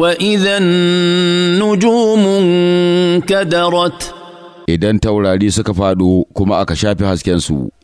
wa ka da rot. idan taurari suka faɗo kuma aka shafe haskensu